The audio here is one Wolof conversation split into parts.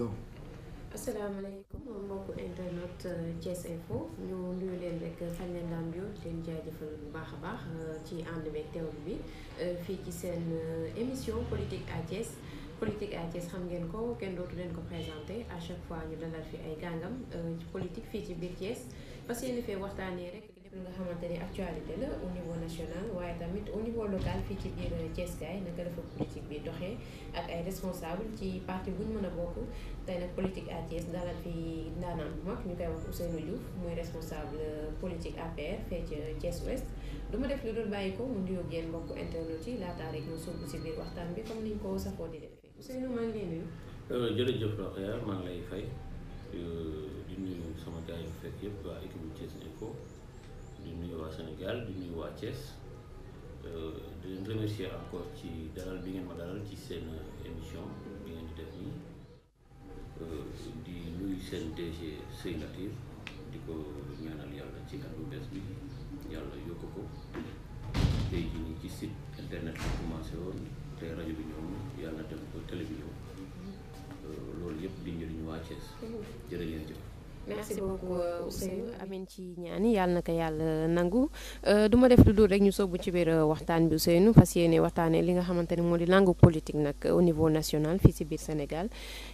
go. asalaamaaleykum mbokku internet euh, Thiès Info ñu nuyu leen rekk fan leen daan yoon leen jaajëfal bu baax a baax euh, ci ànd beeg teewlu bi euh, fii ci seen émission politique à Thiès. politique à Thiès xam ngeen ko kenn dootu leen ko présenté à chaque fois ñu dalal fi ay gàngam ci politique fii ci biir Thiès parce que fee waxtaanee rek. lu nga xamante ni actualité la au niveau national waaye tamit au niveau local fii ci biir Thiès gaay naka dafa politique bi doxee ak ay responsable ci parti bu ñu mën a bokk tey nag politique a Thiès dalal fi ndaanaan ñu koy wax Ousseynou Diouf muy responsable politique ci Thiès Ouest du ma def lu dul bàyyi ko mu nuyoo ak mbokk mbokku internet yi laataa rek ñu sóobu si biir waxtaan bi comme niñ ko safoo di defee Ousseynou maa ngi lay nuyu. Euh, jërëjëf Rokhaya maa lay fay euh, di sama gars yi fekk yëpp waa équipe Thiès Info. di nuyu waa Sénégal di nuyu waa Thiès euh, di leen remercier encore ci dalal bi ngeen ma dalal ci seen émission bi ngeen di def nii euh, di nuyu seen DG Sey Natir di ko ñaanal yàlla ci at bees bi yàlla yokk ko tey jii nii ci site internet bi commencé woon rajo bi ñëw yàlla dem ko télévision euh, loolu yëpp di njëriñ waa Thiès mm-hmm. jërë ngeen merci beaucoup euh, Ousseynou amin ci ñaani yàlla na ko yàlla nangu euh, du ma def lu dul rek ñu soobu ci biir euh, waxtaan bi Ousseynou fas yéene waxtaanee li nga xamante ne moo di nangu politique nag au niveau national fii si biir Sénégal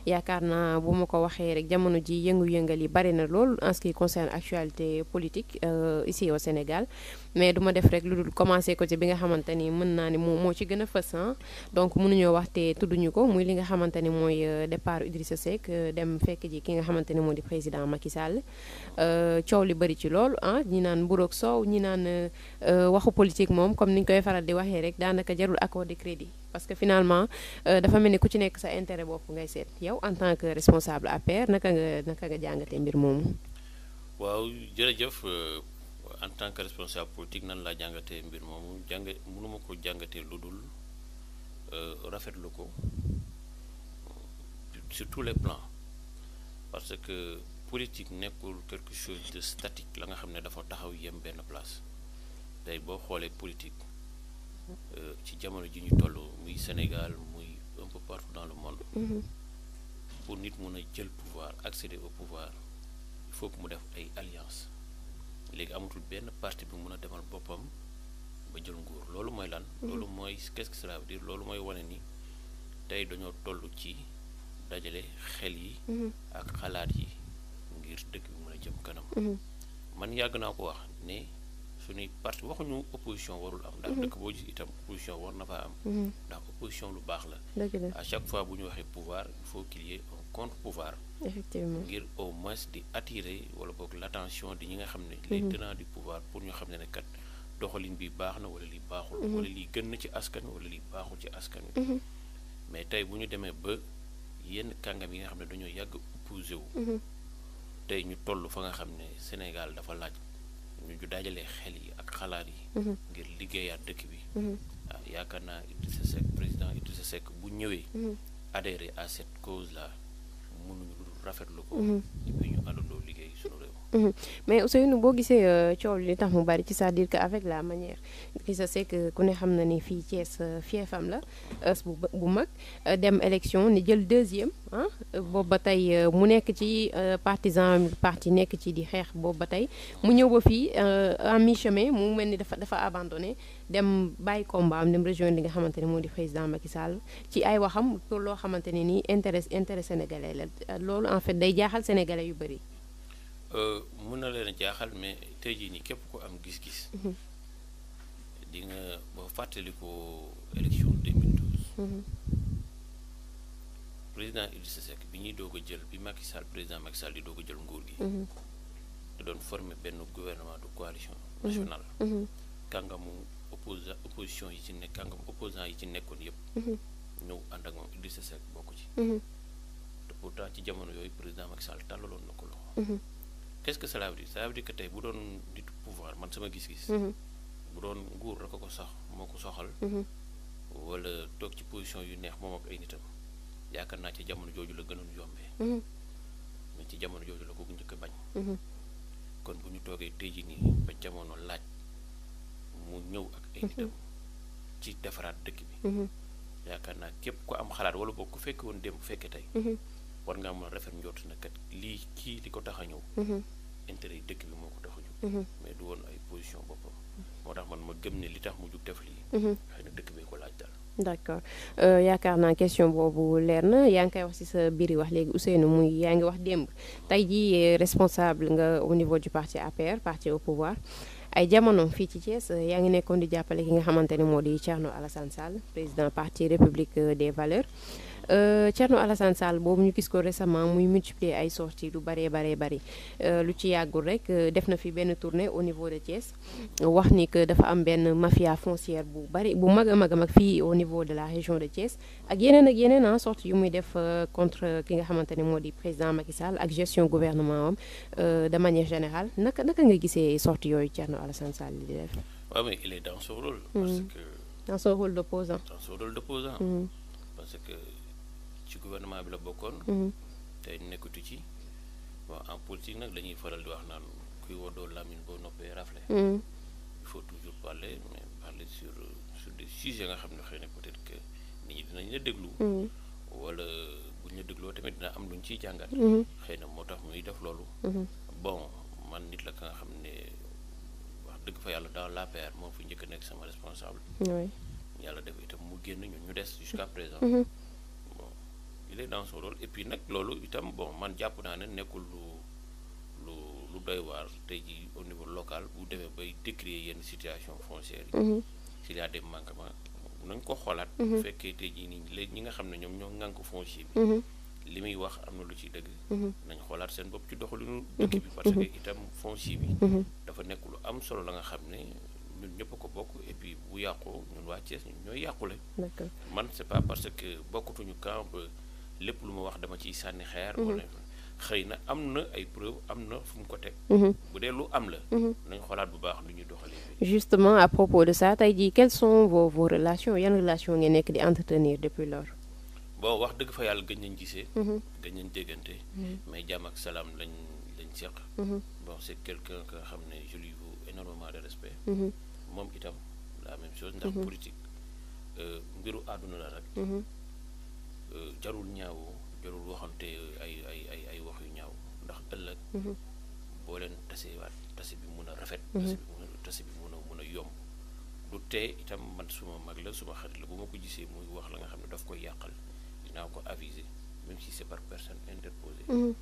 yaakaar naa bu ma ko waxee rek jamono ji yëngu-yëngal yi bari na lool en ce qui concerne actualité politique ici au Sénégal mais du ma def rek lu dul commencé ko ci bi nga xamante ni mën naa ni moo moo ci gën a fës donc mënuñoo waxtee tudduñu ko muy li nga xamante ni mooy départ dem fekk ji ki nga xamante ni moo di président Macky Macky Sall euh, coow li bari ci lool ah ñi naan mburoog soow ñi naan euh, waxu politique moom comme ni ñu koy faral di waxee rek daanaka jarul accord de crédit parce que finalement euh, dafa mel ni ku ci nekk sa intérêt bopp ngay seet yow en tant que responsable APR naka nga naka nga jàngatee mbir moomu. waaw jërëjëf en tant que responsable politique nan laa jàngatee mbir moomu jànga mënuma ko jàngatee lu dul rafetlu ko sur tous les plans parce que. politique nekkul quelque chose de statique la nga xam ne dafa taxaw yem benn place tey boo xoolee politique euh, ci jamono ji ñu toll muy Sénégal muy un peu le monde mm-hmm. pour nit mun a jël pouvoir accéder au pouvoir il mu def ay alliance léegi amatul benn partie bi mun a demal boppam ba jël nguur loolu mooy lan mm-hmm. loolu mooy qu'est-ce que loolu mooy wane ni tey dañoo toll ci dajale xel yi mm-hmm. ak xalaat yi ngir dëkk bi mën a jëm kanam. Mhm. man yàgg naa ko wax ne suñuy parti waxuñu opposition warul am. ndax mhm. dëkk boo gis itam opposition war na faa am. Mhm. ndax opposition lu baax la. à chaque fois bu ñu waxee pouvoir il faut qu'il y contre pouvoir. ngir au moins di attirer wala boog latention di ñi nga xam ne. les tenants di pouvoir pour ñu xam ne ne kat doxalin bi baax na wala li baaxul. wala li gën na ci askan wi wala li baaxul ci askan wi. mais tey bu ñu demee ba yenn kàngam yi nga xam ne dañoo yàgg opposé wu. tey ñu toll fa nga xam ne Sénégal dafa laaj ñu dajale xel yi ak xalaat yi. Mhm. ngir liggéeyaat dëkk bi. Mhm. ah yaakaar naa sa Seck président sa Seck bu ñëwee. Mhm. adhéré à cette cause là mënuñu rafetlu ko. et puis ñu àndandoo liggéey. Mhm. mais Ousseynou boo gisee euh, coow li tax mu bari ci c'est-à-dire que avec la manière ki sa c'est que ku ne xam na ni fii Thiès euh, fiefam la euh, bu bu mag dem élection ni jël deuxième ah boobu ba tey mu nekk ci partisan parti nekk ci di xeex boobu ba tey mu ñëw ba fii en mi-chemin mu mel ni dafa dafa abandonné dem bàyyi combat am dem rejoindre li nga xamante ne moo di président Macky Sall ci ay waxam pour loo xamante ne nii intérêt intérêt sénégalais loolu en fait day jaaxal sénégalais yu bëri Euh, mun na leen a jaaxal mais tey jii nii képp ku am gis-gis. Mhm. di nga ba fàttaliku élection 2012. Mhm. président Idrissa Seck bi ñuy doog a jël bi Macky Sall président Macky di doog a jël nguur gi. Mhm. da doon former benn gouvernement de coalition nationale. kàngamu opposa opposition yi ci nekk kàngamu opposant yi ci nekkoon yëpp. ñëw ànd ak moom Idrissa Seck bokk ci. te pourtant ci jamono yooyu président Macky Sall tàllaloon na ko loxo. qu'est-ce que cela veut dire ça veut dire que tey bu doon du pouvoir man sama gis-gis. Mhm. bu doon nguur rek ko sax moo ko soxal. Mhm. wala toog ci position yu neex moom ak ay nitam yaakaar naa ci jamono jooju la gënoon yombee. Mhm. mais ci jamono jooju la ko njëkk a bañ. kon bu ñu toogee tey jii nii ba jamono laaj mu ñëw ak ay nitam. ci defaraat dëkk bi. yaakaar naa képp ku am xalaat wala boog ku fekke woon démb bu fekkee tey. war ngaa mën a rafet njort kat lii kii li ko tax a ñëw. Mhm. intérêt yi dëkk bi moo ko tax a jóg. Mhm. mais du woon ay position boppam. moo tax man ma gëm ne li tax mu jug def lii. Mhm. Euh, yaakaar naa question boobu leer na yaa ngi koy wax ci sa biir wax léegi Ousseynou muy yaa ngi wax démb tey jii eh, responsable nga au niveau du parti APR parti au pouvoir ay jamono fii ci Thiès eh, yaa ngi nekkoon di jàppale ki nga xamante ne moo di Thierno Alassane Sall président parti République eh, des Valeurs. Euh, Thierno Alassane Sall boobu ñu gis ko récemment muy multiplier ay sorties lu baree baree bari euh, lu ci yàggul rek euh, def na fi benn tournée au niveau de Thiès wax ni que dafa am benn mafia foncière bu bari bu mag a mag mag fii au niveau de la région de Thiès ak yeneen ak yeneen en sorte yu muy def contre ki nga xamante ne moo di président Macky Sall ak gestion gouvernement am de manière générale naka naka nga gisee sorties yooyu Thierno Alassane Sall di def. waaw mais il dans son hmm. parce que dans son d'opposant. Hmm. parce que. ci gouvernement bi la bokkoon. Mhm. tey nekkatu ci waaw en politique nag dañuy faral di wax naan kuy woddoo lamine boo noppee rafle. Mhm. il faut toujours parler mais parler sur sur des a nga xam ne xëy na peut-être que nit ñi dinañ la déglu. Mhm. wala bu ñu la dégloo tamit dina am luñ ciy jàngat. xëy na moo tax muy def loolu. bon man nit la ka nga xam ne wax dëgg fa yàlla dans l'APR moo fi njëkk nekk sama responsable. yàlla def itam mu génn ñun ñu des jusqu'à présent. il est dans son rôle et puis nag loolu itam bon man jàpp naa ne nekkul lu lu lu doy tey jii au niveau local bu demee bay décrier yenn situation foncière yi mhm. si y a des manquements nañ ko xoolaat mhm. bu fekkee tey nii léegi ñi nga xam ne ñoom ñoo ŋànk foncier bi mhm. li muy wax am na lu ci dëgg nañ xoolaat seen bopp ci doxalinu dëkk bi parce que itam foncier bi dafa nekk lu am solo la nga xam ne ñun ñëpp ko bokk et bu yàqoo ñun waa Thiès ñun ñooy yàqule man c'est pas parce que bokkutuñu camp lépp lu ma wax dama ciy sànni xeer. Mhm. wala xëy na am na ay preuve am na fu mu ko teg. Mhm. bu dee lu am la. Mhm. nañ xoolaat bu baax lu ñu doxalee. justement à propos de ça tey jii quelles sont vos vos relations yan relation nekk di entretenir depuis lors. bon wax dëgg fa yàlla gëj nañ gisee. gëj nañ déggante. mais jàmm ak salaam lañ lañ seq. bon c' est quelqu' xam ne je lui voue de respect. moom itam la même chose ndax politique euh, mbiru àdduna la rek. Euh, jarul ñaaw jarul waxante euh, ay ay ay ay wax yu ñaaw ndax ëllëg mhm. boo leen tasewaat tase bi mun a rafet mhm. tase bi mun a tase bi mun a mun a yomb du tee itam man suma mag la suma xarit la bu ma ko gisee muy wax la nga xam ne daf koy yàqal dinaa ko aviser même si c'est par personne interposée mhm.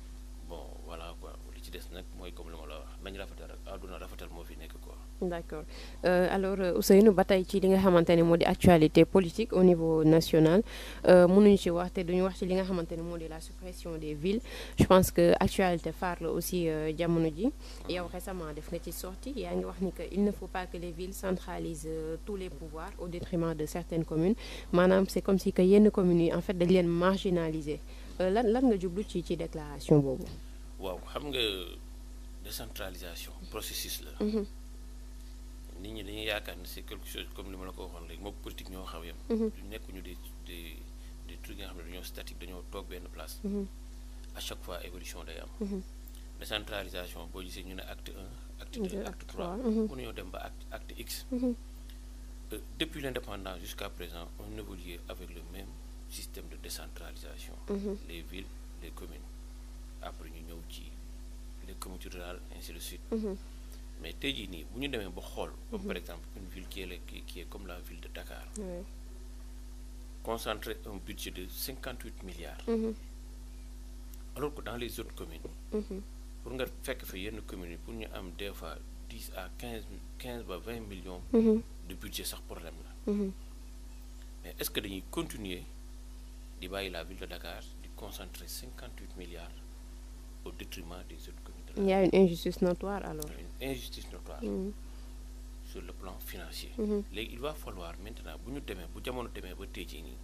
bon voilà quoi li ci des nag mooy comme li ma la wax nañ rafetal rek àdduna rafetal moo fi nekk ko d' accord euh, alors euh, Ousseynou ba tey ci li nga xamante ne moo di actualité politique au niveau national euh, mënuñu ci wax te duñu wax ci li nga xamante ne moo di la suppression des villes je pense que actualité phare la aussi jamono ji yow récemment def nga ci sorti yaa ngi wax ni que il ne faut pas que les villes centralisent tous les pouvoirs au détriment de certaines communes maanaam c' est comme si que Euh, lan lan nga lu ci ci déclaration boobu. waaw xam nga décentralisation processus la. Mhm. nit ñi dañu yaakaar ne c'est quelque chose comme li ma la ko waxoon léegi moo politique ñoo xaw yam mhm. du nekkuñu des des des trucs nga xam ne dañoo statique dañoo toog benn place. Mhm. à chaque fois évolution day am. décentralisation boo gisee ñu ne acte un acte deux acte trois. mënuñoo dem ba acte acte x. Euh, depuis l'indépendance jusqu'à présent on évolue avec le même. système de décentralisation. Mhm. les villes les communes après ñu ñëw ci les communautés rurales ainsi de suite. Mhm. mais tey jii nii bu ñu demee ba xool. comme par exemple une ville qui est la qui, qui est comme la ville de Dakar. Oui. un budget de milliards. Mhm. alors que dans les autres communes. pour nga fekk fi yenn commune yi pour ñu am des fois dix à quinze quinze ba vingt millions. de budget sax problème la. mais est-ce que dañuy continuer. di bàyyi la ville de Dakar di concentrer 58 milliards au détriment des autres communes de la. il y a une injustice notoire alors. une injustice notoire. Mmh. sur le plan financier. Mmh. léegi il va falloir maintenant bu ñu demee bu jamono demee ba tey jii nii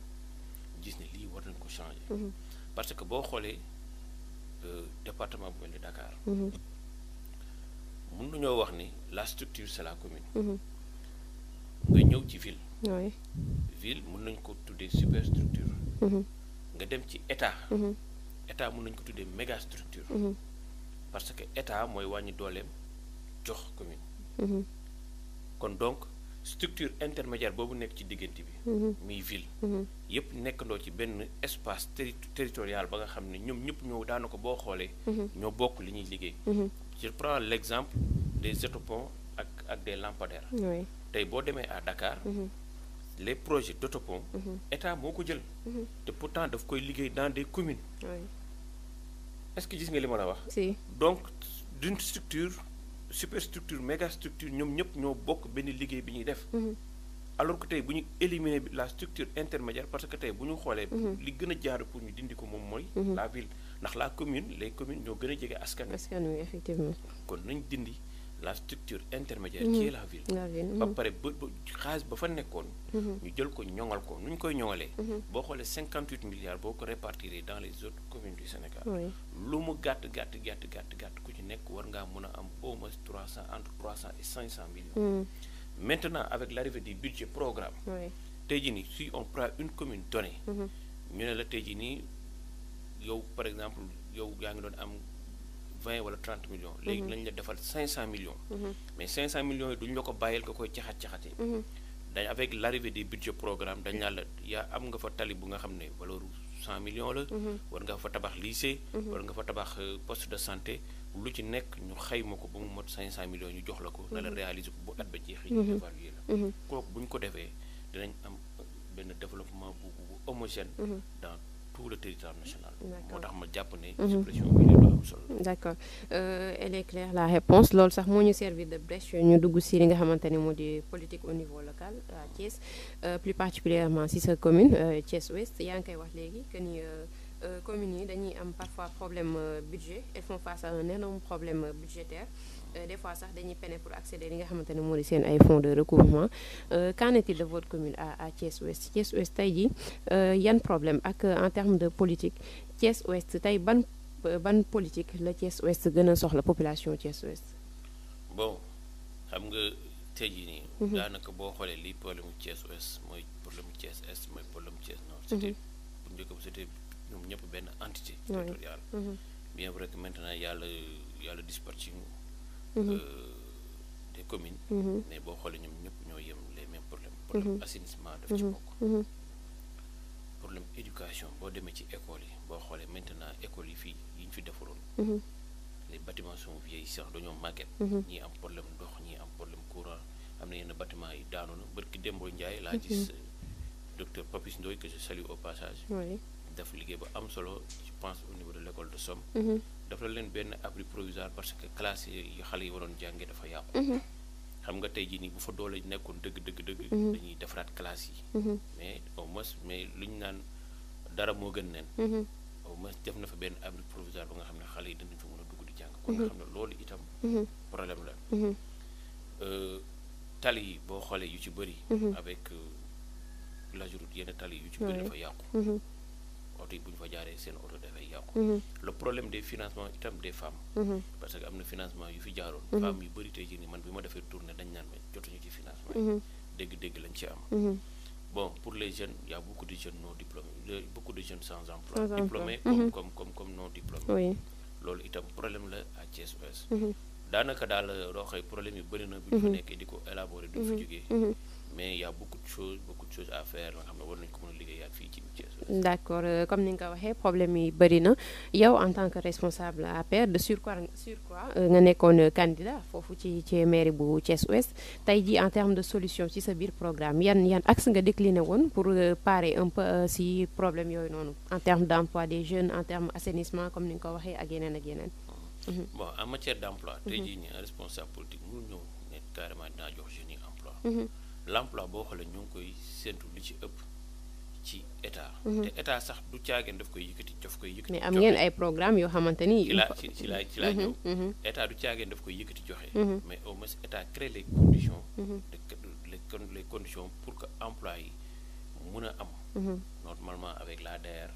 gis ne lii war nañ ko changer. Mmh. parce que boo xoolee euh, département bu mel ni Dakar. mën nañoo wax ni la structure c'est la commune. nga ñëw ci ville. oui ville mën nañ ko tuddee superstructure. Mhm. nga dem ci état. Mhm. état mën nañ ko tuddee méga structure. Mhm. parce que état mooy wàññi dooleem jox commune. kon donc structure intermédiaire boobu nekk ci diggante bi. muy ville. yëpp nekkandoo ci benn espace terri territorial ba nga xam ne ñoom ñëpp ñoo daanaka boo xoolee. ñoo bokk li ñuy liggéey. je prends l' exemple des autoponts ak ak des lampadaires. tey boo demee à Dakar. les projets d'autopont mhm. état moo ko jël mhm. te pour pourtant daf koy liggéey dans des communes oui. est-ce que gis nga li ma la wax si donc d'une structure superstructure méga structure ñoom ñëpp ñoo bokk benn liggéey bi ñuy def mhm. alors que tey bu ñu éliminer la structure intermédiaire parce que tey bu ñu xoolee li gën a jaar pour ñu dindi ko moom mooy la ndax la commune les communes ñoo gën a jege askan wi effectivement kon nañ dindi la structure intermédiaire qui est la ville ba mhm. pare ba xaalis ba fa nekkoon mhm. ñu jël ko ñoŋal ko nu ñu koy ñoŋalee mhm. boo xoolee cinquante huit milliards boo ko répartir dans les autres communes du Sénégal lu mu gàtt gàtt gàtt gàtt ku ci nekk war ngaa mën a am au moins trois cent entre trois cent et cinq cent millions maintenant avec l'arrivée du budget programme tey jii nii si on prend une commune donnée ñu ne la tey nii yow par exemple yow yaa ngi doon am vingt wala trente millions. Mhm. léegi lañ la defal cinq cent millions. Mhm. mais cinq cent millions yi duñ la ko bàyyil ko koy caxat caxatee. Mhm. dañ avec l'arrivée des budget programme dañ naan la yaa am nga fa tali bu nga xam ne valeur cent millions la. war nga fa tabax lycée. war nga fa tabax euh, poste de santé lu ci nekk ñu xayma ko ba mu mot cinq cent millions ñu jox la ko. na la réaliser ko bu at ba jeexee. ñu évaluer la. kooku bu ñu ko defee danañ am euh, benn développement bu bu homogène. dans tout le territoire national. d' accord mhm. euh, elle est claire la réponse loolu sax moo ñu servir de brèche ñu dugg si li nga xamante ne moo di politique au niveau local à euh, Thiès euh, plus particulièrement si sa commune Thiès Ouest yaa ngi koy wax léegi que ni. communes yi dañuy am parfois problème budget elles font face à un énorme problème budgétaire Euh, des fois sax dañuy peine pour accéder li nga xamante ne moo di seen ay fonds de recouvrement euh, qu'en est-il de votre commune à à Ouest Thiès Ouest tey jii euh, yan problème ak en termes de politique Thiès Ouest tey ban ban politique la Thiès Ouest gën a soxla population Thiès Ouest. bon xam nga tey ji nii. Mhm. daanaka boo xoolee lii problème mu Thiès Ouest mooy problème mu Thiès Est mooy problème mu Thiès Nord. c'était mhm. bu njëkk bu c'était ñoom benn entité mhm. yàlla yàlla Mm-hmm. Euh, des communes. Mm-hmm. mais boo xoolee ñoom ñëpp ñoo yem les mêmes problèmes. Mm-hmm. problème assainissement daf ci bokk. problème éducation boo demee ci école yi boo xoolee maintenant école yi fii yi ñu fi defaroon. les bâtiments sont vieillissants dañoo màgget. ñii am problème ndox ñii am problème courant am na yenn bâtiment yi daanu na bët ki Dembo njaay laa gis euh, docteur Papis Ndoye que je salue au passage. daf liggéey ba am solo je pense au niveau de l'école de Somme. dafa leen benn abri provisoire parce que classe yi xale yi waroon jàngee dafa yàqu. Mhm. xam nga tey jii nii bu fa doole nekkoon dëgg dëgg dëgg. Mhm. dañuy defaraat classe yi. Mhm. mais au moins mais li ñu naan dara moo gën neen. au moins def na fa benn abri provisoire ba nga xam ne xale yi dinañ fa mën a dugg di jàng. kon nga xam ne loolu itam. problème la. Euh, tali yi boo xoolee yu ci bëri. avec euh, la route yenn tali yu ci bëri dafa yàqu. oto yi bu fa jaaree seen oto defee. yàqu mm-hmm. le problème des financements itam des femmes mm-hmm. parce que am na financement yu fi jaaroon mm-hmm. femmes yu bëri tey jii man bi ma defee tournée dañ naan ma jotuñu ci financement yi dégg-dégg lañ ci am bon pour les jeunes il y jeunes non diplômés beaucoup jeunes sans emploi diplômés comme comme comme comme loolu itam problème la à Thiès Ouest daanaka daal roxoy problème yu bëri na bu ñu fa nekkee di ko élaborer duñ fa jógee mais y' a beaucoup de choses beaucoup de choses à faire nga euh, comme ni nga ko waxee problème yi bëri na yow en tant que responsable APR de surcroît surcroît euh, nga nekkoon candidat foofu ci ci mairie bu Thiès Ouest tey jii en terme de solution ci sa biir programme yan yan axe nga décliné woon pour euh, parer un peu si problème yooyu noonu en terme d' emploi des jeunes en terme assainissement comme ni nga ko waxee ak yeneen ak yeneen. Ah. Mhm. bon en matière d' mhm. emploi. tey mhm. jii l'emploi boo xoolee ñu ngi koy séntu lu ci ëpp ci état. Mhm. te état sax du caageen daf koy yëkkati daf koy yëkkati. mais am ngeen ay programme yoo xamante ni. ci laa ci laa ci laa mhm, ñëw. Mhm. état du caageen daf koy yëkkati joxe. mais au moins état crée les conditions. les les pour que emploi yi mun a am. normalement avec l'ADR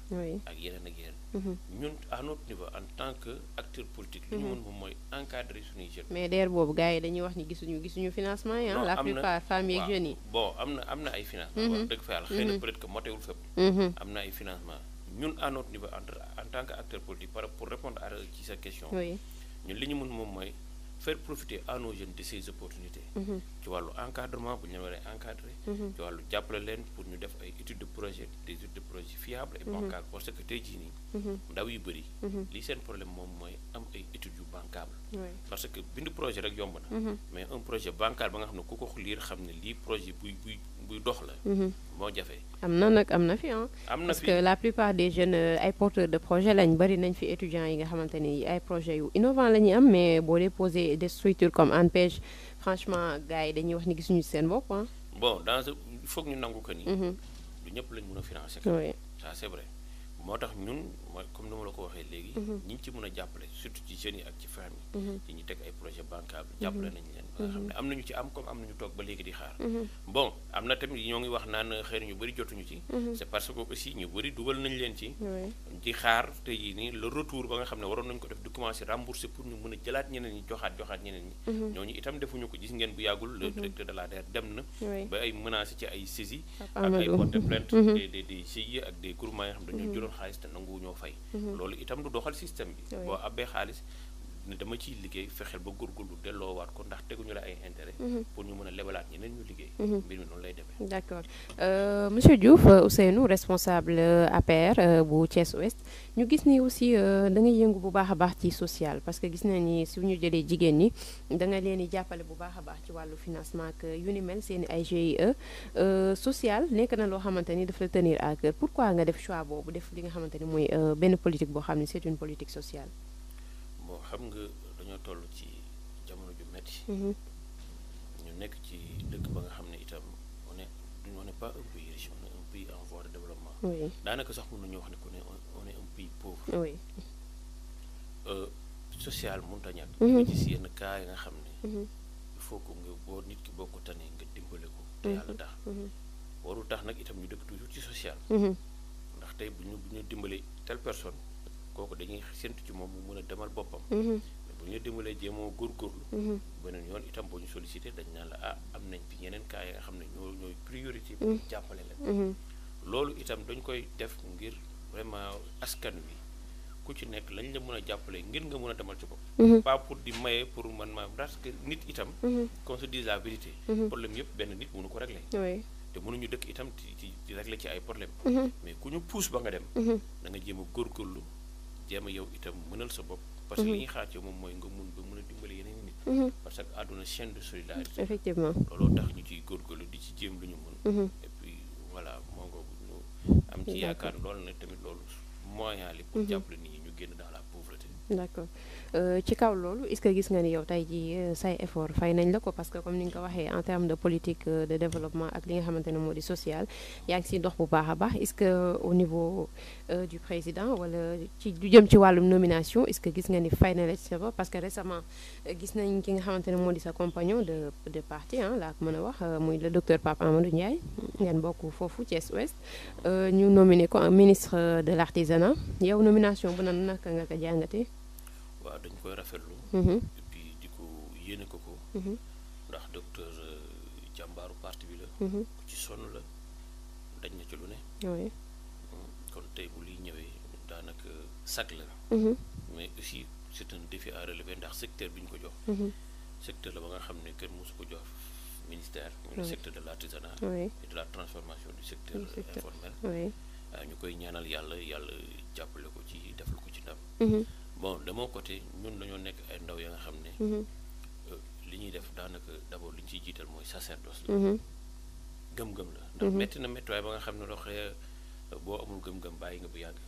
ak yeneen ak yeneen mhm. ñun à notre niveau en tant que acteur politique li ñu mhm. mën moom mooy encadrer suñuy jeunes mais DER boobu gars yi dañuy wax ni gisuñu gisuñu financement yi la plupart femmes yeeg jeunes bon am na am na ay financement mhm. wax dëgg fa yàlla xëy na peut motewul fépp am na ay financement ñun à notre niveau en tant que acteur politique par pour répondre à ci sa question ñun li ñu mën moom mooy faire profiter à nos jeunes de ces opportunités. Mm-hmm. ci wàllu encadrement bu ñu leen mm-hmm. ci wàllu jàppale leen pour ñu def ay études de projet des études de projet fiables et mm-hmm. bancables parce que tey nii. ndaw yu bëri. lii seen problème moom mooy am ay études yu bancables. parce que bindu projet rek yomb na. mais un projet bancal ba nga xam ne ku ko liir xam ne lii projet buy buy. buy dox la. Mhm. moo jafe. am na nag am na fi na fi parce que la plupart des jeunes euh, ay porteurs de projet lañ bari nañ fi étudiants yi nga xamante ni ay projets yu innovants la ñuy am mais boo dee poser des structures comme ANPEJ franchement gars yi dañuy wax ni gisuñu seen bopp ah. bon dans ce il ñu nangu ko ni. Mhm. du ñëpp lañ mën a financer. oui ça c'est vrai moo tax ñun mooy comme ni ma la ko waxee léegi. Mhm. ñi ci mën a jàppale surtout ci jeunes yi ak ci femmes yi. ñu teg nga xam ne am nañu ci am comme am nañu toog ba léegi di xaar mm-hmm. bon am na tamit ñoo ngi wax naa xëy na ñu bëri jotuñu ci mm-hmm. c'est parce que aussi ñu bëri dugal nañ leen ci di xaar te yi ni le retour ba nga xam ne waroon nañ ko def di commencer rembourser pour ñu mën a jëlaat ñeneen ñi joxaat joxaat ñeneen ñi mm-hmm. ñooñu itam defuñu ko gis ngeen bu yàggul le directeur de la DER dem na ba ay menacé ci ay saisi ah, ak ay porte dañoo jëloon xaalis te nanguwu ñoo fay loolu itam du doxal système bi boo abbee ne dama ciy liggéey fexeel ba góorgóorlu delloowaat ko ndax teguñu la ay intérêt. Mhm. pour ñu mën a lebalaat ñeneen ñu liggéey. Mhm. mbir mi noonu lay demee. d' accord euh, monsieur Diouf euh, Ousseynou responsable euh, APR euh, bu Thiès Ouest ñu gis ni aussi da ngay yëngu bu baax a baax ci social parce que gis nañ ni suñu jëlee jigéen ñi da nga leen di jàppale bu baax a baax ci wàllu financement ak yu ni mel seen ay GIE social nekk na loo xamante ni daf la tenir à cœur pourquoi nga def choix boobu def li nga xamante ni mooy benn politique boo xam ne c' est politique sociale. xam nga dañoo toll ci jamono ju metti mm-hmm. ñu nekk ci dëkk ba nga xam ne itam on est on n'est pas un de développement. daanaka sax mën nañu wax ne ku ne on est un pays pauvre. oui euh, social mënut a ñàkk. Mm-hmm. nga gis yenn cas yi nga xam ne. Mm-hmm. il faut que nga boo nit ki boo ko tanee nga dimbale ko. te yàlla tax. warul tax nag itam ñu dëkk toujours ci social. ndax tey bu ñu bu ñu dimbalee telle personne. kooku dañuy séntu ci moom mu mën a demal boppam. Mhm. mais bu ñu dimbalee jéemoo góorgóorlu. Mhm. beneen yoon itam boo ñu sollicité dañ naan la ah am nañ fi yeneen cas yi nga xam ne ñoo ñooy priorité. pour mhm. jàppale leen. loolu itam dañ koy def ngir vraiment askan wi ku ci nekk lañ la mën a jàppale ngir nga mën a demal ci bopp. pas pour di maye pour man ma parce que nit itam. qu'on se dise la vérité. problème yëpp benn nit mënu ko régler. te mënuñu dëkk itam ci ci régler ci ay problème mais jéem yow itam mënal sa bopp. parce que mhm. li ñuy xaar moom mooy nga mun ba mun a dimbali yeneen nit. Mhm. parce que àdduna chaîne de solidarité. effectivement looloo tax ñu ciy góorgóorlu di ci jéem lu ñu mun. Mhm. et puis voilà moo ngoogu ñu am ci yaakaar loolu na tamit loolu moyen li pour jàppale nit ñi ñu génn daal. d' accord euh, ci kaw loolu est ce que gis nga ni yow tey jii euh, say effort fay nañ la ko parce que comme ni nga ko waxee en terme de politique euh, de développement ak li nga xamante ne moo di social yaa ngi siy dox bu baax a baax est ce que au niveau du président wala ci du jëm ci wàllum nomination est ce que gis nga ni fay na la ci sa bopp parce que récemment gis nañ ki nga xamante ne moo di sa compagnon de de parti ah laa ko mën a wax muy le docteur Pape Amadou Ndiaye ngeen bokk foofu Thiès Ouest ñu nominé ko ministre de l' artisanat yow nomination bu nan naka nga ko jàngatee. waaw dañ koy rafetlu mhm. et puis di ko yéene ko ko mhm. ndax docteur euh, jàmbaaru parti bi la mhm. ku ci sonn la dañ na ci lu ne mmh. kon tey bu liy ñëwee daanaka sag la mais aussi c'est un défi à ndax secteur bi ko jox secteur la ba nga xam ne kenn mosu ko jox ministère le secteur de l'artisanat de la transformation du secteur euh, informel waaw ah, ñu koy ñaanal yàlla yàlla jàppale ko ci defal ko ci ndam bon de mon côté ñun dañoo nekk ay ndaw ya nga xam ne. Mhm. Euh, li ñuy def daanaka d' abord li ñu ciy jiital mooy sacerdoce la. Mhm. gëm-gëm la. ndax métti mhm. na méttiwaay ba nga xam ne loo xëy boo amul gëm-gëm bàyyi nga bu yàgg.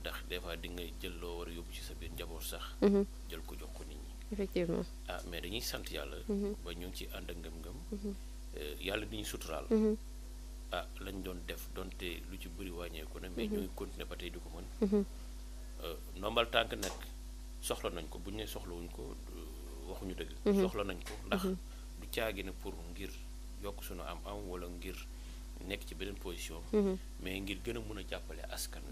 ndax des fois di nga jël loo war a yóbbu ci sa biir njaboot sax. jël ko jox ko nit ñi. ah mais dañuy sant yàlla. ba ñu ngi ci ànd ak ngëm-ngëm. Euh, yàlla di ñu suturaal. ah lañ doon def donte lu ci bëri wàññeeku na mais ñooy continuer ba tey di ko mën. Euh, ndombal tànk nekk soxla nañ ko bu ñu nee soxla wuñ ko euh, waxuñu dëgg. Mhm. soxla nañ ko ndax mhm. du caagi ne pour ngir yokk suñu am am wala ngir. nekk ci beneen position. Mhm. mais ngir gën a mën a jàppale askan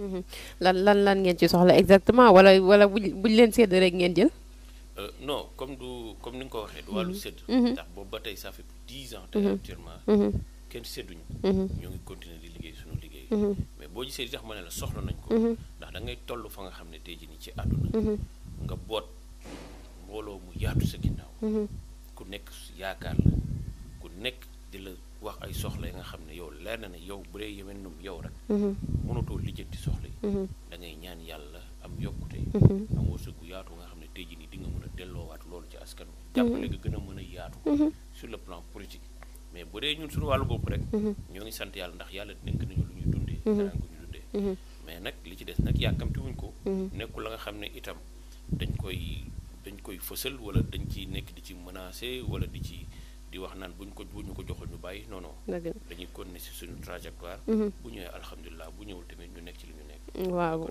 lan lan lan ngeen ci soxla exactement wala wala buñ leen sedd rek ngeen jël. Euh, non comme du comme ni nga ko waxee. du wàllu sédd. ndax boobu ba tey ça fait dix ans. tey actuellement. kenn sédduñu. ñoo ngi continuer di liggéey suñu liggéey. Mm-hmm. mais boo gisee li tax ma ne la soxla nañ ko. Mm-hmm. ndax da ngay toll fa nga xam ne tey jii nii ci àdduna. Mm-hmm. nga boot mbooloo mu yaatu sa ginnaaw. ku nekk yaakaar la ku nekk di la wax ay soxla ya nga xam ne yow leer na ne yow bu dee yemen num yow rek. mënatoo lijjanti soxla yi. da ñaan yàlla am yokkute. am wërsëg gu yaatu nga xam ne tey jii nii di nga mën a delloowaat loolu ci askan wi. nga gën a mën a yaatu. sur le plan politique. mais bu dee ñun suñu wàllu bopp rek. Mhm. ñoo ngi sant yàlla ndax yàlla dénk nañu lu ñuy dundee. dara mhm. gu ñu dundee. Mhm. mais nag li ci des nag yàkkamti wuñ ko. nekkul la nga xam ne itam dañ koy dañ koy fësal wala dañ ciy nekk di ci menacer wala di ci di wax naan buñ ko ñu ko joxul ñu bàyyi non non. dañuy continuer si suñu trajectoire. bu ñëwee alhamdulilah bu ñëwul tamit ñu nekk ci li ñu waaw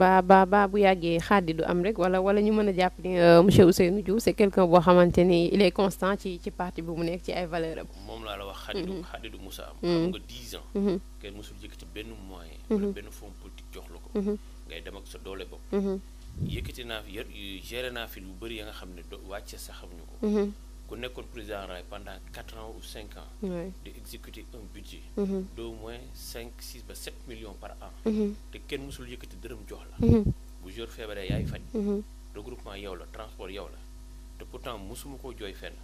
baa baa ba bu yàggee xaadi du am rek wala wala ñu mën a jàpp ni euh, monsieur Ousseynou Diouf c'est quelqu'un boo xamante ni il est constant ci ci parti bu nekk ci ay valeur am. moom laa la wax. xaadi du mhm. xaadi du Moussa am. Mhm. xam nga 10 ans. Mhm. kenn mosul yëkkati benn moyen. wala benn fond politique jox la ko. ngay dem ak sa doole bopp. yëkkati naa fi yër géré naa fi lu bëri ya nga xam ne do wàcce xam ñu ko. ku nekkoon président raay pendant quatre ans ou cinq ans. Oui. di exécuter un budget. Mm -hmm. d'au moins cinq six ba sept millions par an. Mm-hmm. te kenn mësul yëkkati dërëm jox la. Mm-hmm. bu jour feebaree yaay faj. Mm-hmm. regroupement yow la transport yow la te pourtant mësuma koo jooy fenn.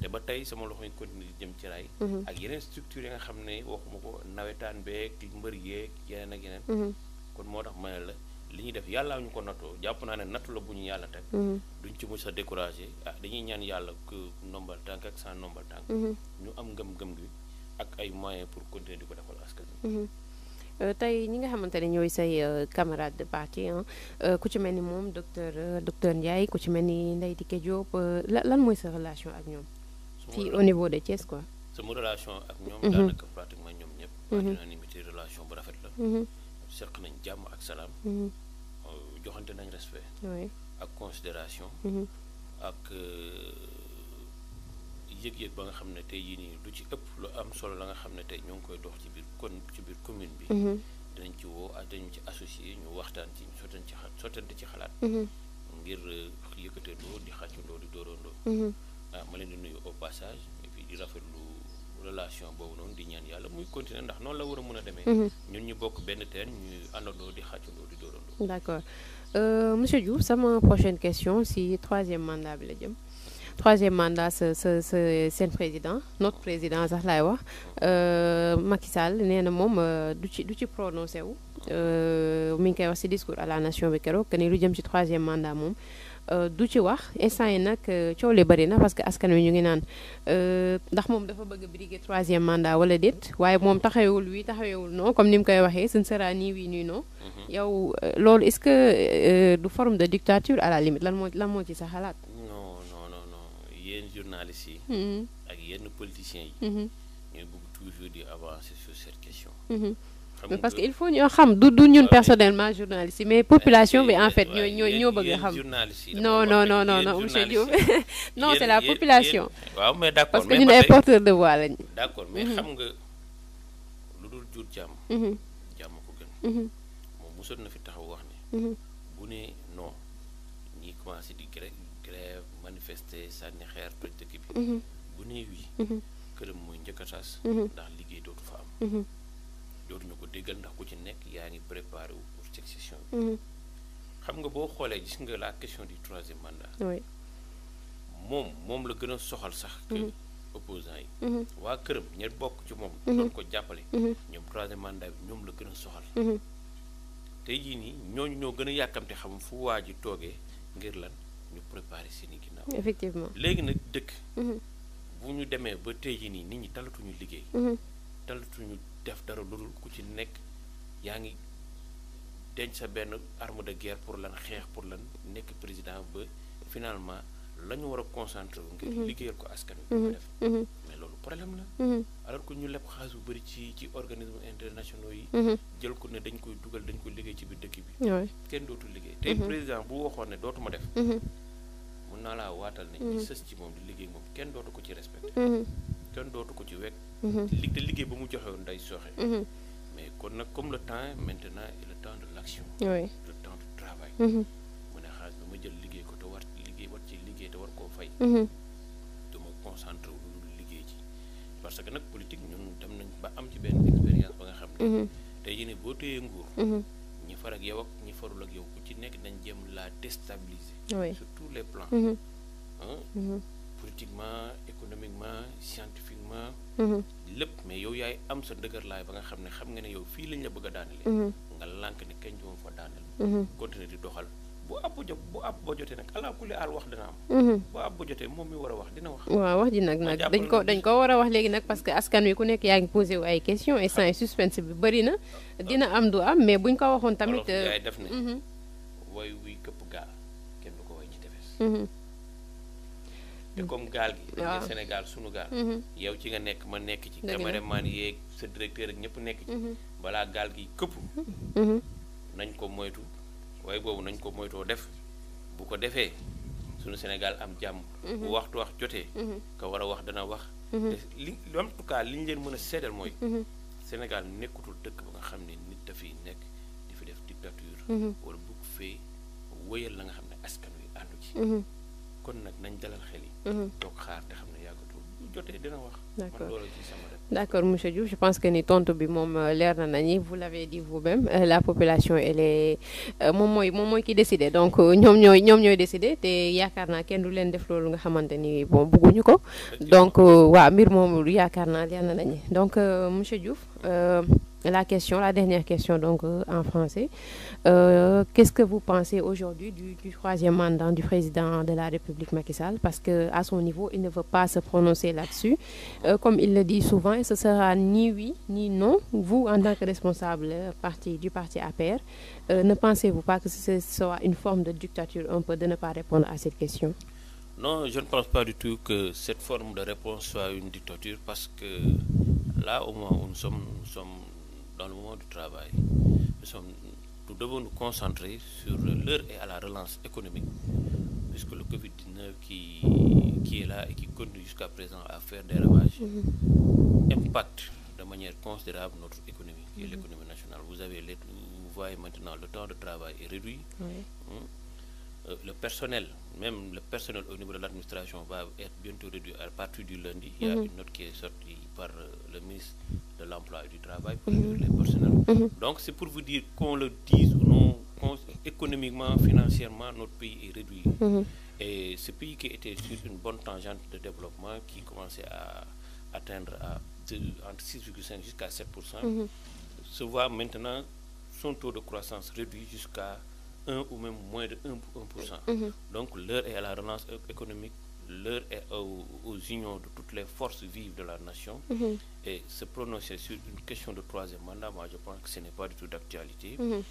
te ba tey sama loxo continuer jëm ci raay. ak yeneen structure yi nga xam ne waxuma ko nawetaan beeg mbër yeeg yeneen ak yeneen. kon moo tax ma la. li ñuy def yàlla ñu ko nattoo jàpp naa ne nattu la bu ñu yàlla teg. Mm-hmm. du ci mos a découragé ah dañuy ñaan yàlla ku nombal tànk ak sans nombal tànk. Mm-hmm. ñu am ngëm-ngëm gi ak ay moyen pour continuer di ko defal aska mm-hmm. euh, tey ñi nga xamante ne ñooy say euh, camarade de parti euh, ku ci mel ni moom docteur docteur Ndiaye ku ci mel ni Ndeye Tické Diop lan mooy sa relation ak ñoom. fii au niveau de Thiès quoi. sama relation ak ñoom. daanaka pratiquement ñoom ñëpp. relation bu rafet nañ jàmm ak salaam. joxante nañ respect. oui ak considération mm-hmm. ak euh, yëg-yëg ba nga xam ne tey yii nii lu ci ëpp lu am solo la nga xam ne tey ñoo ngi koy dox ci biir kon ci biir commune bi. Mm-hmm. dinañ ci woo ak ah, dañu ci associé ñu waxtaan ci sottante ci ci xalaat. Mm-hmm. ngir euh, yëkkatee loo di xàccandoo di dóorandoo. ah ma leen di nuyu passage et puis di rafetlu. relation boobu noonu di ñaan yàlla muy continuer ndax noonu la war a mën a demee. Mhm. ñun ñu bokk benn teen ñu àndandoo di xàccandoo di dóorandoo. d'accord euh, monsieur Diouf sama prochaine question si troisième mandat bi la jëm. troisième mandat sa sa seen président notre président sax laay wax euh, Macky Sall nee na moom euh, du ci du ci prononcé wu mu ngi koy wax ci discours à la nation bi keroog que lu jëm ci troisième mandat moom. Euh, du ci wax instant yi nag euh, coow li bari na parce que askan wi ñu ngi naan euh, ndax moom dafa bëgg a troisième mandat wala déet waaye moom taxawewul wii taxawewul non comme ni mu koy waxee suñ sera nii wii nii non. Mhm. yow loolu est-ce que du forme de dictature à la limite lan moo lan moo ci sa xalaat. non non non non yéen journalistes yi. Mhm. ak yenn politiciens yi. Mhm. ñooy bëgg toujours di avancer sur cette question. parce que il faut ñoo xam du du ñun personnellement journaliste yi mais population bi en fait ñoo ñoo ñoo bëgg a xam non non non non non monsieur non c'est la population waaw mais d'accord parce que ñun ay porteur de voix lañu d'accord mais mhm. xam nga lu dul jur jàmm mhm. mhm. moom mosoon na fi taxaw wax ne bu ne non ñi commencé di grève grève manifester sànni xeer toj dëkk bi bu ne wii mooy njëkk a tas ndax liggéey dootu fa déggal ndax ku ci nekk yaa ngi préparé wu pour cette session bi mhm. xam nga boo xoolee gis nga la question du troisième mandat moom moom la gën a soxal sax que mhm. opposant yi mhm. waa këram ña bokk ci moom doon ko jàppale ñoom troisième mandat bi ñoom la gën a soxal tey jii nii ñooñu ñoo gën a yàkkamte xam fu waa ji toogee ngir lan ñu préparé seeni ginnaaw effectivement léegi nag dëkk bu ñu demee ba tey jii nii nit ñi talatuñu liggéey talatuñu def dara lu dul ku ci nekk yaa ngi denc sa benn arme de guerre pour lan xeex pour lan nekk président ba finalement lañu ñu war a concentré wu ngir mhm. liggéeyal ko askan wi ko mhm. def mhm. mais loolu problème la alors ko ñu leb xaalis bu bëri ci ci organisme internationaux yi jël ko ne dañ koy dugal dañ koy liggéey ci biir dëkk bi kenn dootu liggéey tey président bu waxoon ne dootuma def mun naa la waatal ne ñi sës ci moom di liggéey moom kenn dootu ko ci respecté kenn dootu ko ci wekk Mm-hmm. li te liggéey ba mu joxe woon day mm-hmm. mais kon nag comme le temps maintenant est le temps de l' action. oui le temps du travail. Mm-hmm. mu ne xaalis ba ma jël liggéey ko te war liggéey war ci liggéey te war koo fay. du ma concentré wu lu liggéey ci parce que nag politique ñun dem nañ ba am ci benn expérience ba nga xam ne. tey jii boo téyee nguur. ñi far ak yow ak ñi farul ak yow ku ci nekk dañ jëm la déstabiliser. oui sur tous les plans. politiquement économiquement scientifiquement. Mm-hmm. lépp mais yow yaay am sa ndëgër laay ba nga xam ne xam nga ne yow fii lañ la bëgg a daanale mm-hmm. nga lànk ne kenn du fa daanal. Mm-hmm. di doxal bu àpp jo bu àpp ba jotee nag ala kulli aal wax dina am. bu àpp ba jotee moom mi war a wax dina wax. waaw wax ji nag nag dañ ko dañ ko war a wax léegi nag parce que askan wi ku nekk yaa ngi posé wu ay questions et sans suspense bi bëri na dina am du am mais bu buñ ko waxoon tamit. alors def ne. way wuy këpp gaal ko te comme gaal gi. waaw Sénégal sunu gaal. Mhm. yow ci nga nekk ma nekk ci. cameraman yee sa directeur ak ñëpp nekk ci. Mhm. balaa gaal gi këpp. Mhm. nañ ko moytu waaye boobu nañ ko moytoo def bu ko defee sunu Sénégal am jàmm. bu waxtu wax jotee. ka war a wax dana wax. li en tout li ñu leen mën a seedal mooy. Sénégal nekkutul dëkk ba nga xam ne nit dafiy nekk di fi def dictature. wala bu fee wëyal la nga xam ne askan wi àndu ci. kon nag nañ dalal xel yi. Mhm. toog xaar te xam ne yàggatul bu jotee dina monsieur Diouf je pense que ni tontu bi moom euh, leer na nañu vous l'avez dit vous-même euh, la population elle euh, moom mooy moom mooy ki décider donc ñoom ñooy ñoom ñooy décider te yaakaar naa kenn du leen def loolu nga xamante ni bon bëgguñu ko. donc waaw mbir moom yaakaar naa leer na nañu donc monsieur Diouf. la question, la dernière donc euh, en français. Euh, Qu'est-ce que vous pensez aujourd'hui du, du, troisième mandat du président de la République Macky Sall Parce qu'à son niveau, il ne veut pas se prononcer là-dessus. Euh, comme il le dit souvent, ce sera ni oui ni non. Vous, en tant que responsable euh, parti, du parti APR, ne pensez-vous pas que ce soit une forme de dictature un peu de ne pas répondre à cette question Non, je ne pense pas du tout que cette forme de réponse soit une dictature dans le moment du travail. Nous, sommes, nous devons nous concentrer sur l'heure et à la relance économique, puisque le Covid-19 qui, qui est là et qui continue jusqu'à présent à faire des ravages mmh. de manière considérable notre économie et mm-hmm. l'économie nationale. Vous, avez les, vous voyez maintenant le temps de travail est réduit. Mmh. euh, le personnel, même le personnel au niveau de l'administration va être bientôt réduit à partir du lundi. Il y a mhm. une note qui est sortie par euh, le ministre de l'Emploi et du Travail pour mhm. les personnels. Mhm. Donc c'est pour vous dire qu'on le dise ou non, économiquement, financièrement, notre pays est réduit. Et ce pays qui était sur une bonne tangente de développement, qui commençait à atteindre à de, entre 6,5 jusqu'à 7%, se voit maintenant son taux de croissance réduit jusqu'à 1 ou même moins de mm-hmm. Donc l'heure est à la relance économique, l'heure est aux, aux, unions de toutes les forces vives de la nation. Mm -hmm. Et se prononcer sur une question de troisième mandat, je pense que ce n'est pas du tout d'actualité. Mm-hmm.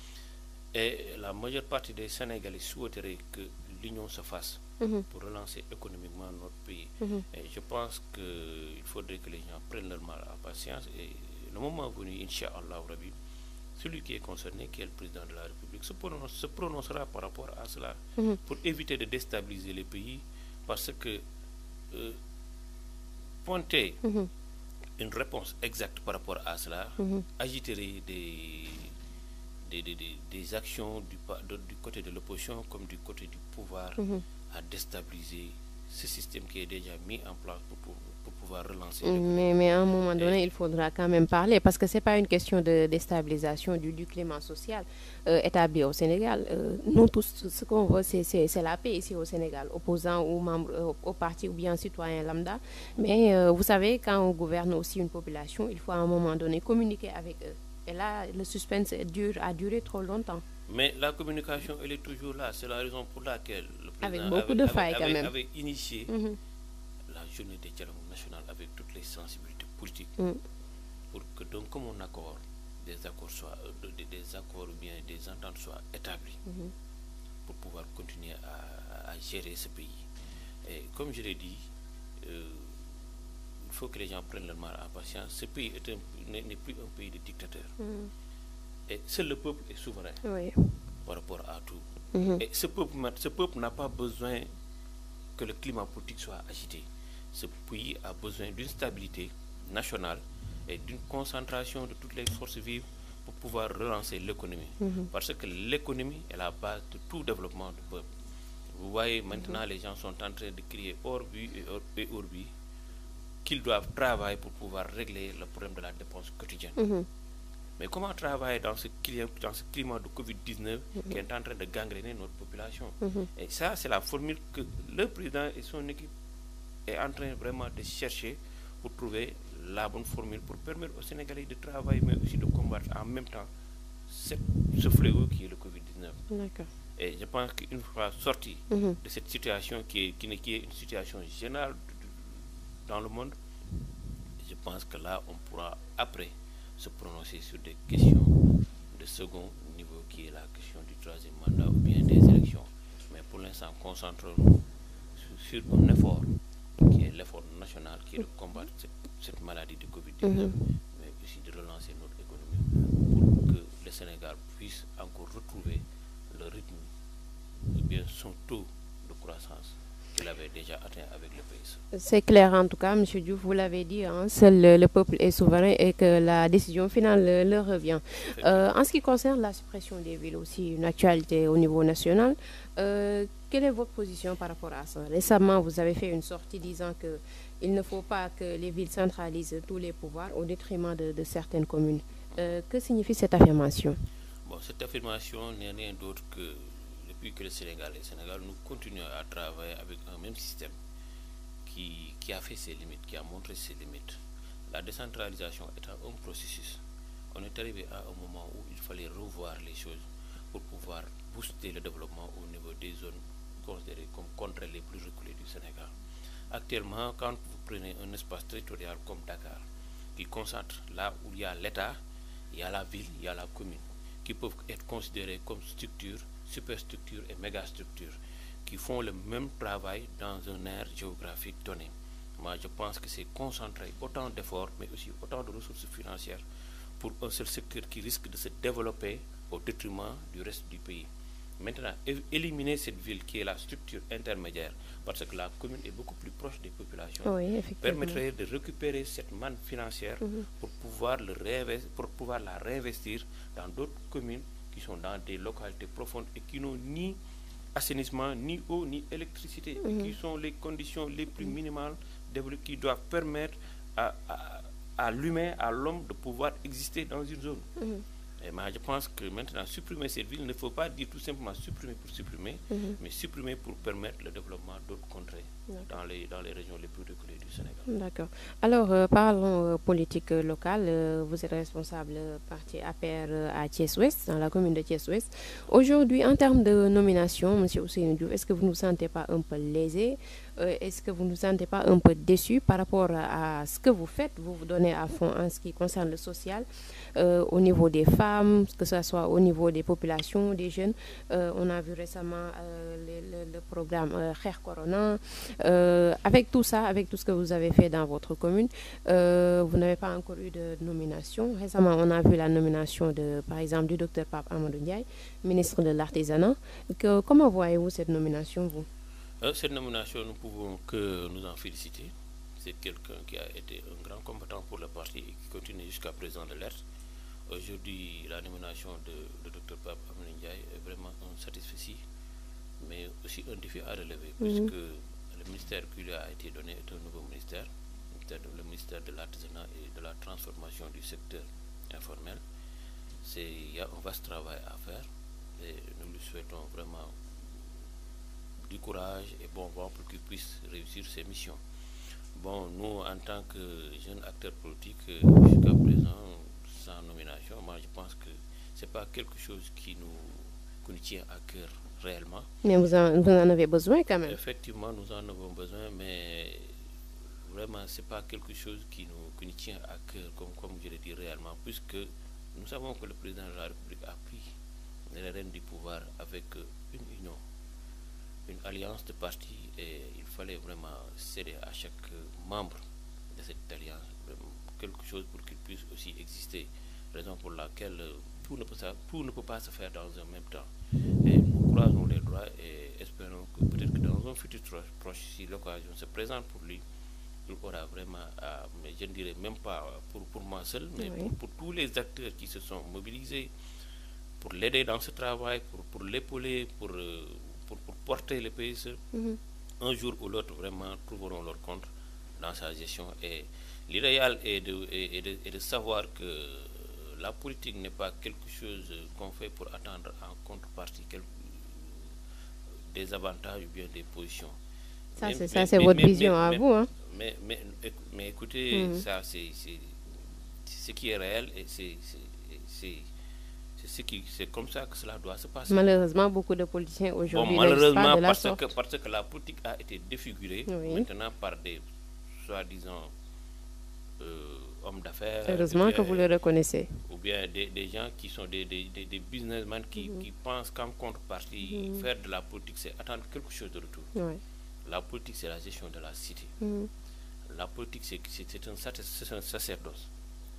Et la majeure partie des Sénégalais souhaiteraient que l'union se fasse mm -hmm. pour relancer économiquement notre pays. Mm-hmm. Et je pense qu'il faudrait que les gens prennent leur mal à patience et le moment venu, Inch'Allah, Rabbi, celui qui est concerné, qui est le président de la République, se, prononcera par rapport à cela mhm. pour éviter de déstabiliser les pays parce que euh, pointer mhm. une réponse exacte par rapport à cela mmh. agiterait des des, des, actions du, de, du côté de l'opposition comme du côté du pouvoir mhm. à déstabiliser ce système qui est déjà mis en place pouvoir relancer. Mais, mais à un moment donné, il faudra quand même parler parce que ce n'est pas une question de déstabilisation du, climat social euh, au Sénégal. Euh, nous tous, ce qu'on veut, c'est la paix ici au Sénégal, opposant ou membre euh, au ou bien citoyen lambda. Mais euh, vous savez, quand aussi une population, il faut à un moment donné communiquer avec eux. Et là, le suspense a duré trop longtemps. Mais la communication, elle est toujours là. C'est la raison pour laquelle le président avec de failles quand même. avait initié mhm. la journée des Tchalom des sensibilités mm. Pour que donc comme accord, euh, des accords ou bien des ententes soient établis mm-hmm. pour pouvoir continuer à, gérer ce pays. comme je l'ai dit, euh, il faut que les gens prennent leur mal en patience. Ce pays n'est un pays de dictateurs. Mm. le peuple est souverain par rapport à tout. Mm-hmm. ce peuple n'a pas besoin que le climat politique soit agité. ce pays a besoin d'une stabilité nationale et d'une concentration de toutes les forces vives pour pouvoir relancer l'économie. Mhm. Parce que l'économie est la base de tout développement du peuple. Vous voyez, maintenant, mhm. les gens sont en train de crier orbi et orbi qu'ils doivent travailler pour pouvoir régler le problème de la dépense quotidienne. Mm -hmm. Mais comment travailler dans ce climat, de covid mhm. qui est en train de gangréner notre population Et ça, c'est est en train vraiment de chercher pour trouver la bonne formule pour permettre aux Sénégalais de travailler mais aussi de combattre en même temps cette, ce fléau qui est le Covid-19. D'accord. Et je pense qu'une fois sorti mm de cette situation qui est, qui, qui est une situation générale dans le monde, je pense que là, on pourra après se prononcer sur des questions de second niveau qui est la question du troisième mandat ou bien des élections. Mais pour l'instant, concentrons sur, un effort l'effort national qui est mm. de combattre cette, maladie du Covid-19, mmh. mais aussi de relancer notre économie pour que le Sénégal puisse encore retrouver le rythme ou bien son taux de croissance qu'il avait déjà atteint avec le pays. C'est clair en tout cas, Monsieur Diouf, vous l'avez dit, hein, seul le peuple est souverain et que la décision finale euh, leur revient. Euh, en ce qui concerne la suppression des villes, aussi une actualité au niveau national, euh, quelle est votre position par rapport à ça? Récemment, vous avez fait une sortie disant que il ne faut pas que les villes centralisent tous les pouvoirs au détriment de, de certaines communes. Euh, que signifie cette affirmation? n'est rien d'autre plus que le Sénégal. Le Sénégal, nous continuons à travailler avec un même système qui, qui a fait ses limites, qui a montré ses limites. La décentralisation est un processus. On est arrivé à un moment où il fallait revoir les choses pour pouvoir booster le développement au niveau des zones considérées comme contre les plus reculées du Sénégal. Actuellement, quand vous prenez un espace territorial comme Dakar, qui concentre là où il y a l'État, il y la ville, il y a la commune, superstructures et mégastructures qui font le même travail dans un aire géographique donné. Moi, je pense que c'est concentrer autant d'efforts, mais aussi autant de ressources financières pour un seul secteur qui risque de se développer au détriment du reste du pays. Maintenant, éliminer cette ville qui est la structure intermédiaire, parce que la commune est beaucoup plus proche des populations, oui, permettrait de récupérer cette manne financière mm pour, pouvoir le pour pouvoir la dans d'autres qui sont dans des localités profondes et qui n'ont ni assainissement, ni eau, ni électricité, mm qui mhm. sont les conditions les plus minimales qui doivent permettre à, à, à l'humain, à l'homme de pouvoir exister dans une zone. Mm -hmm. Et moi, je pense que maintenant, supprimer cette ville, ne faut pas dire tout simplement supprimer pour supprimer, mhm. mais supprimer pour permettre le développement d'autres contrées. dans les, dans les D'accord. Alors, euh, parlons euh, politique euh, locale. Euh, vous êtes responsable euh, parti APR euh, à Thiès-Ouest, dans la commune de Thiès-Ouest. Aujourd'hui, en termes de nomination, M. Ousseinou Diouf, est-ce que vous ne vous sentez pas un peu lésé Est-ce que vous ne vous sentez pas un peu déçu par rapport à ce que vous faites Vous donnez à fond en ce qui concerne le social, au niveau des femmes, que ce soit au niveau des populations, des jeunes. on a vu récemment le, le, programme Kher Corona. Euh, avec tout ça, avec tout ce que vous avez fait dans votre commune, euh, vous n'avez pas encore eu de nomination. Récemment, on a vu la nomination, de, par exemple, du docteur Pape Amadou Ndiaye, ministre de l'Artisanat. Comment voyez-vous euh, cette nomination, nous pouvons que nous en féliciter. C'est quelqu'un qui a été un grand combattant pour le parti et qui continue jusqu'à présent de l'être. Aujourd'hui, la nomination de, de Dr Pape Amadou est vraiment un satisfait, mais aussi le ministère qui lui a été donné est un nouveau ministère, le ministère de l'artisanat et de la transformation du secteur informel. Il y a un vaste travail à faire et nous lui souhaitons vraiment du courage et bon vent pour qu'il puisse réussir ses missions. Bon, nous, en tant que jeunes acteurs politiques, euh, jusqu'à présent, sans nomination, je pense que ce n'est pas quelque chose qui nous, qui nous tient à cœur. réellement. Mais vous en, vous en avez besoin quand même. Effectivement, nous en avons besoin, mais vraiment, ce n'est pas quelque chose qui nous, qui nous tient à cœur, comme, comme je l'ai dit réellement, puisque nous savons que le président de la République a pris les rênes du pouvoir avec euh, une union, une alliance de partis, et il fallait vraiment céder à chaque membre de cette alliance quelque chose pour qu'il puisse aussi exister, raison pour laquelle euh, tout ne peut, tout ne peut pas se faire dans un même temps. encourageons les droits et espérons que peut-être que dans un futur proche, si l'occasion se présente pour lui, il aura vraiment, à, mais je ne dirais même pas pour, pour moi seul, mais pour, pour, tous les acteurs qui se sont mobilisés pour l'aider dans ce travail, pour, pour l'épauler, pour, euh, pour, pour, porter le pays seul. Mm -hmm. Un jour ou l'autre, vraiment, trouveront leur compte dans sa gestion. Et l'idéal est de, est, de, est de savoir que la politique n'est pas quelque chose qu'on fait pour attendre en contre quelque des avantages ou bien des positions. Ça, mais, ça c'est votre mais, vision à vous. Mais, mais, écoutez, mm -hmm. ça, c'est ce qui est réel et c'est c'est ce comme ça que cela doit se beaucoup de politiciens aujourd'hui. Bon, malheureusement, de la parce, Que, parce que la politique a été défigurée oui. maintenant par des soi-disant Euh, hommes d'affaires. Heureusement bien, euh, que vous le Ou bien des, gens qui sont des, des, des mhm. qui, pensent qu'en contrepartie, mhm. faire de la politique, c'est attendre quelque chose de retour. La politique, c'est la gestion de la cité. Mhm. La politique, c'est un, sacerdoce.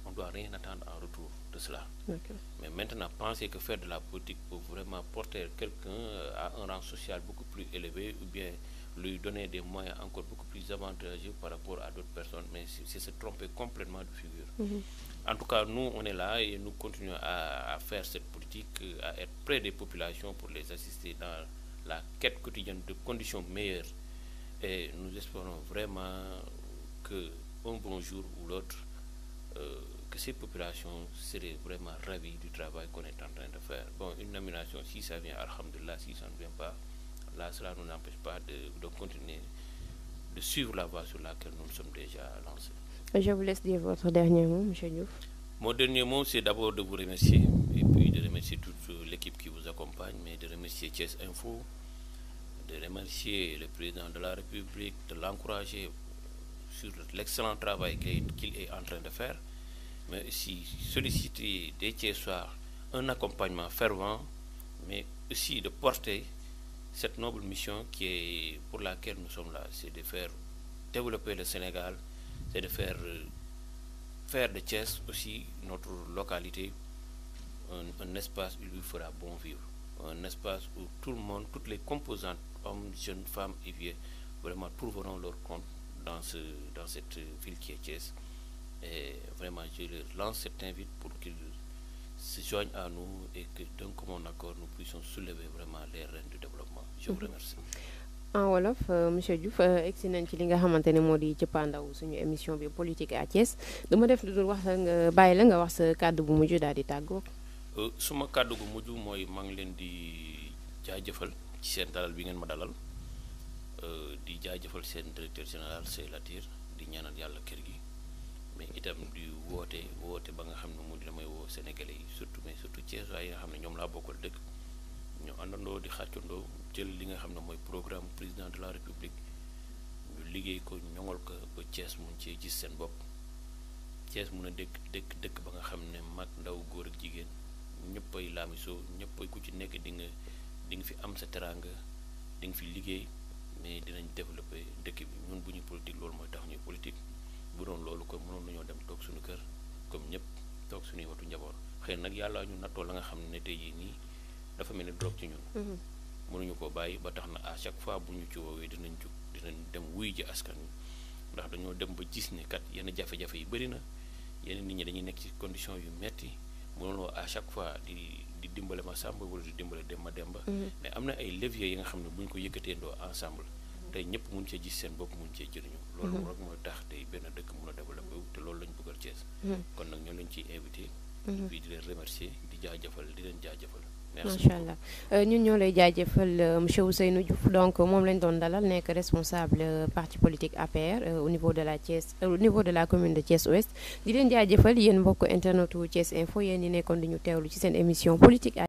On doit rien attendre en retour de cela. Mais maintenant, penser que faire de la politique pour vraiment porter quelqu'un euh, à un rang social beaucoup plus élevé ou bien lui donner des moyens encore beaucoup plus avantageux par rapport à d'autres personnes, mais c'est se tromper complètement de figure. Mm-hmm. En tout cas, nous, on est là et nous continuons à, à, faire cette politique, à être près des populations pour les assister dans la quête quotidienne de conditions meilleures. Et nous espérons vraiment que un bon jour ou l'autre, euh, que ces populations seraient vraiment ravies du travail qu'on est en train de faire. Bon, une nomination, si ça vient, alhamdulillah, là, cela ne nous empêche pas de, de, continuer, de suivre la voie sur laquelle nous nous sommes déjà lancés. Je Mon dernier mot, c'est d'abord de vous remercier, et puis de remercier toute l'équipe qui vous accompagne, mais de remercier Thiès Info, de remercier le président de la République, de l'encourager sur l'excellent travail qu'il est en train de faire, mais aussi solliciter des Thiessois un accompagnement fervent, mais aussi de porter cette noble mission qui pour laquelle nous sommes là, c'est de faire développer le Sénégal, c'est de euh, faire de Thiès aussi notre localité un, un espace où il fera bon vivre, un espace où tout le monde, toutes les composantes, hommes, jeunes, femmes et vieux, vraiment trouveront leur compte dans ce dans cette ville qui est Thiès. Et vraiment, je lance cette invite pour qu'ils si joignent à nous et que d'un commun accord nous puissions vraiment les rênes du développement je vous mhm. remercie. en wolof euh, monsieur Diouf euh, egsi nañ ci li nga xamante ne moo di cëppaandaw suñu émission bi politique à Thiès dama def lu dul wax sa nga bàyyi la nga wax sa kàddu bu mujj daal di tàggoo. Euh, suma kàddu gu mujj mooy maa ngi leen di jaajëfal ci seen dalal bi ngeen ma dalal di jaajëfal seen directeur général Sey Latir di ñaanal yàlla kër gi. mais itam di woote woote ba nga xam ne mu damay woo Sénégalais yi surtout mais surtout Thiès waaye yi nga xam ne ñoom laa bokkal dëkk ñu àndandoo di xàccandoo jël li nga xam ne mooy programme président de la république ñu liggéey ko ñoŋol ko ba Thiès mun cee gis seen bopp cees mun a dëkk dëkk dëkk ba nga xam ne mag ndaw góor ak jigéen ñëpp ay laamisoo ñëpp ay ku ci nekk di nga di nga fi am sa teraanga di nga fi liggéey mais dinañ développer dëkk bi ñun bu ñu politique loolu mooy tax ñuy politique bu doon loolu kon mënoon nañoo dem toog suñu kër comme ñëpp toog suñuy watu njaboot xëy nag yàlla ñu nattoo la nga xam ne tey jii nii dafa mel ni drogue ci ñun. Mm-hmm. mënuñu ko bàyyi ba tax na a chaque fois bu ñu ci woowee dinañ jug dinañ dem wuy ji askan wi ndax dañoo dem ba jis ne kat yenn jafe-jafe yi bëri na yenn nit ñi dañuy nekk ci condition yu metti mënuloo à chaque fois di di dimbale ma sàmba wala di dimbale dem ma ba mais am na ay leviers yi nga xam ne bu ñu ko yëkkateendoo ensemble tey ñëpp mun cee gis seen bopp mun cee jëriñu mm-hmm. loolu mooy tax tey benn dëkk mun a développé wu te loolu lañ bëggal Thiès mm-hmm. kon nag ñoo leen ciy invité bi mm-hmm. di leen remercier di jaajëfal di la euh, la commune de Thiès Ouest di leen jaajëfal yéen mbokk internet wu Thiès Info yéen ñi nekkoon di ñu teewlu ci seen émission politique.